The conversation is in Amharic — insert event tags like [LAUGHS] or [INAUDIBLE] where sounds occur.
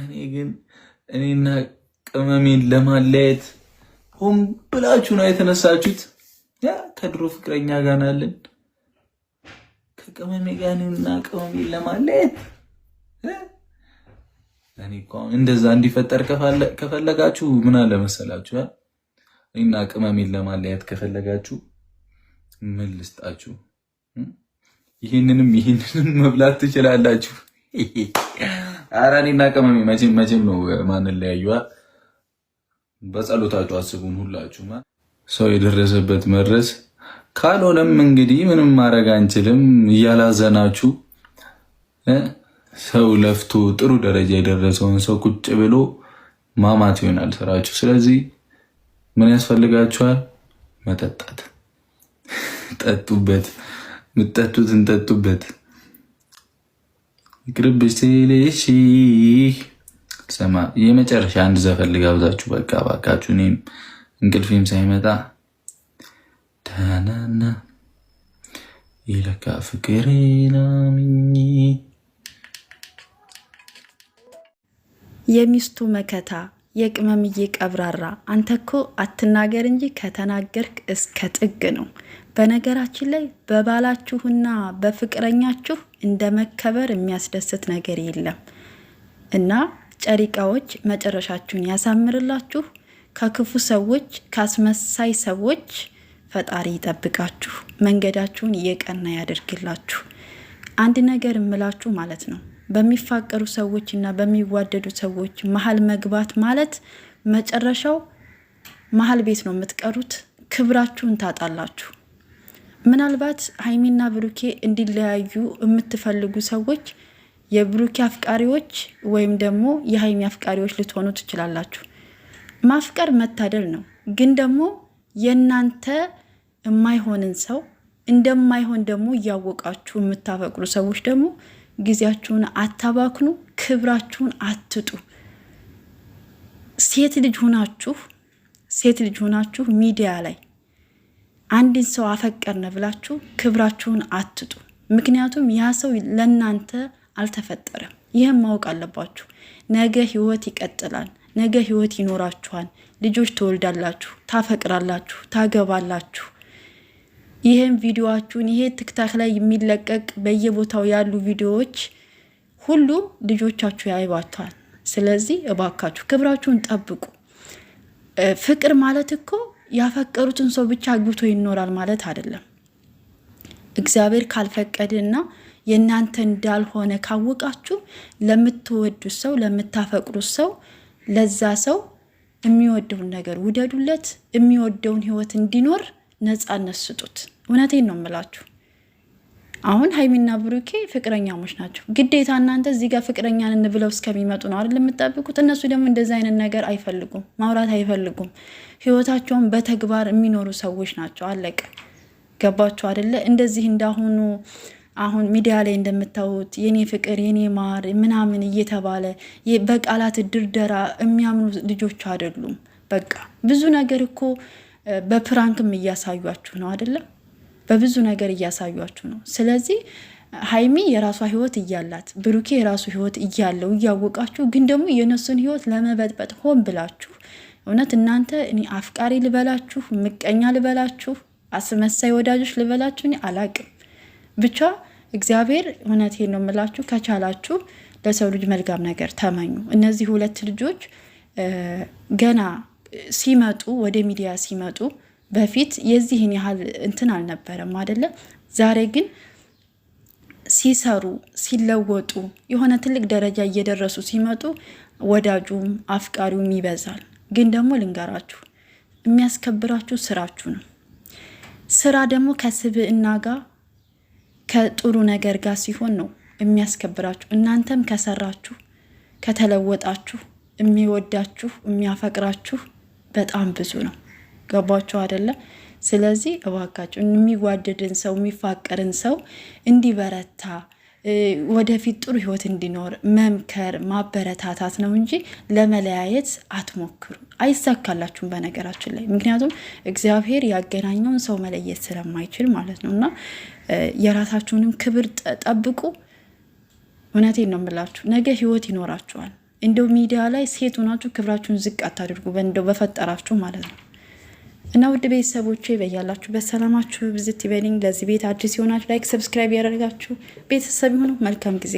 እኔ ግን እኔና ቅመሜን ለማለየት ሆን ብላችሁ ነው የተነሳችሁት። ያ ከድሮ ፍቅረኛ ጋር ናለን ከቅመሜ ጋር እኔና ቅመሜን ለማለየት እኔ እኮ እንደዛ እንዲፈጠር ከፈለጋችሁ ምን አለ መሰላችሁ፣ እኔና ቅመሜን ለማለያት ከፈለጋችሁ ምን ልስጣችሁ? ይህንንም ይህንንም መብላት ትችላላችሁ። [LAUGHS] ኧረ እኔና ቅመሜ መቼም መቼም ነው ማንን ለያዩ። በጸሎታችሁ አስቡን ሁላችሁ። ሰው የደረሰበት መድረስ ካልሆነም እንግዲህ ምንም ማድረግ አንችልም። እያላዘናችሁ ሰው ለፍቶ ጥሩ ደረጃ የደረሰውን ሰው ቁጭ ብሎ ማማት ይሆናል ስራችሁ። ስለዚህ ምን ያስፈልጋችኋል? መጠጣት። ጠጡበት፣ የምትጠጡትን ጠጡበት። ይቅርብሽ ትልሽ ሰማ የመጨረሻ አንድ ዘፈን ልጋብዛችሁ። በቃ ባካችሁ፣ እኔም እንቅልፌም ሳይመጣ ተናና ይለካ ፍቅሬ ናምኝ የሚስቱ መከታ የቅመምዬ ቀብራራ አንተ እኮ አትናገር እንጂ ከተናገርክ እስከ ጥግ ነው። በነገራችን ላይ በባላችሁና በፍቅረኛችሁ እንደ መከበር የሚያስደስት ነገር የለም እና ጨሪቃዎች መጨረሻችሁን ያሳምርላችሁ። ከክፉ ሰዎች፣ ከአስመሳይ ሰዎች ፈጣሪ ይጠብቃችሁ። መንገዳችሁን እየቀና ያደርግላችሁ። አንድ ነገር እምላችሁ ማለት ነው በሚፋቀሩ ሰዎች እና በሚዋደዱ ሰዎች መሀል መግባት ማለት መጨረሻው መሀል ቤት ነው የምትቀሩት። ክብራችሁን ታጣላችሁ። ምናልባት ሀይሚና ብሩኬ እንዲለያዩ የምትፈልጉ ሰዎች የብሩኬ አፍቃሪዎች ወይም ደግሞ የሀይሚ አፍቃሪዎች ልትሆኑ ትችላላችሁ። ማፍቀር መታደል ነው። ግን ደግሞ የእናንተ የማይሆንን ሰው እንደማይሆን ደግሞ እያወቃችሁ የምታፈቅሩ ሰዎች ደግሞ ጊዜያችሁን አታባክኑ፣ ክብራችሁን አትጡ። ሴት ልጅ ሁናችሁ ሴት ልጅ ሁናችሁ ሚዲያ ላይ አንድን ሰው አፈቀርነ ብላችሁ ክብራችሁን አትጡ። ምክንያቱም ያ ሰው ለእናንተ አልተፈጠረም። ይህም ማወቅ አለባችሁ። ነገ ህይወት ይቀጥላል። ነገ ህይወት ይኖራችኋል። ልጆች ትወልዳላችሁ፣ ታፈቅራላችሁ፣ ታገባላችሁ። ይህም ቪዲዮችሁን ይሄ ትክታክ ላይ የሚለቀቅ በየቦታው ያሉ ቪዲዮዎች ሁሉ ልጆቻችሁ ያይባቷል። ስለዚህ እባካችሁ ክብራችሁን ጠብቁ። ፍቅር ማለት እኮ ያፈቀሩትን ሰው ብቻ አግብቶ ይኖራል ማለት አይደለም። እግዚአብሔር ካልፈቀደና የእናንተ እንዳልሆነ ካወቃችሁ ለምትወዱት ሰው ለምታፈቅሩት ሰው ለዛ ሰው የሚወደውን ነገር ውደዱለት። የሚወደውን ህይወት እንዲኖር ነፃነት ስጡት። እውነቴን ነው የምላችሁ። አሁን ሀይሚና ብሩኬ ፍቅረኛሞች ናቸው። ግዴታ እናንተ እዚህ ጋር ፍቅረኛን እንብለው እስከሚመጡ ነው አይደል የምጠብቁት? እነሱ ደግሞ እንደዚ አይነት ነገር አይፈልጉም፣ ማውራት አይፈልጉም። ህይወታቸውን በተግባር የሚኖሩ ሰዎች ናቸው። አለቀ። ገባችሁ አደለ? እንደዚህ እንዳሁኑ አሁን ሚዲያ ላይ እንደምታዩት የኔ ፍቅር የኔ ማር ምናምን እየተባለ በቃላት ድርደራ የሚያምኑ ልጆች አይደሉም። በቃ ብዙ ነገር እኮ በፕራንክም እያሳዩችሁ ነው አይደለም በብዙ ነገር እያሳያችሁ ነው። ስለዚህ ሀይሚ የራሷ ህይወት እያላት ብሩኬ የራሱ ህይወት እያለው እያወቃችሁ ግን ደግሞ የእነሱን ህይወት ለመበጥበጥ ሆን ብላችሁ እውነት እናንተ እኔ አፍቃሪ ልበላችሁ፣ ምቀኛ ልበላችሁ፣ አስመሳይ ወዳጆች ልበላችሁ፣ እኔ አላቅም። ብቻ እግዚአብሔር እውነት ነው የምላችሁ፣ ከቻላችሁ ለሰው ልጅ መልካም ነገር ተመኙ። እነዚህ ሁለት ልጆች ገና ሲመጡ ወደ ሚዲያ ሲመጡ በፊት የዚህን ያህል እንትን አልነበረም አይደለም። ዛሬ ግን ሲሰሩ ሲለወጡ የሆነ ትልቅ ደረጃ እየደረሱ ሲመጡ ወዳጁም አፍቃሪውም ይበዛል። ግን ደግሞ ልንገራችሁ የሚያስከብራችሁ ስራችሁ ነው። ስራ ደግሞ ከስብዕና ጋር ከጥሩ ነገር ጋር ሲሆን ነው የሚያስከብራችሁ። እናንተም ከሰራችሁ ከተለወጣችሁ የሚወዳችሁ የሚያፈቅራችሁ በጣም ብዙ ነው። ገባችሁ አይደለም? ስለዚህ እባካችሁ የሚዋደድን ሰው የሚፋቀርን ሰው እንዲበረታ ወደፊት ጥሩ ህይወት እንዲኖር መምከር ማበረታታት ነው እንጂ ለመለያየት አትሞክሩ። አይሳካላችሁም በነገራችን ላይ ምክንያቱም እግዚአብሔር ያገናኘውን ሰው መለየት ስለማይችል ማለት ነው። እና የራሳችሁንም ክብር ጠብቁ። እውነቴን ነው የምላችሁ፣ ነገ ህይወት ይኖራችኋል። እንደው ሚዲያ ላይ ሴት ሆናችሁ ክብራችሁን ዝቅ አታድርጉ፣ እንደው በፈጠራችሁ ማለት ነው። እና ውድ ቤተሰቦቼ በያላችሁ በሰላማችሁ ብዝት ይበልኝ። ለዚህ ቤት አዲስ የሆናችሁ ላይክ፣ ሰብስክራይብ ያደረጋችሁ ቤተሰብ የሆኑ መልካም ጊዜ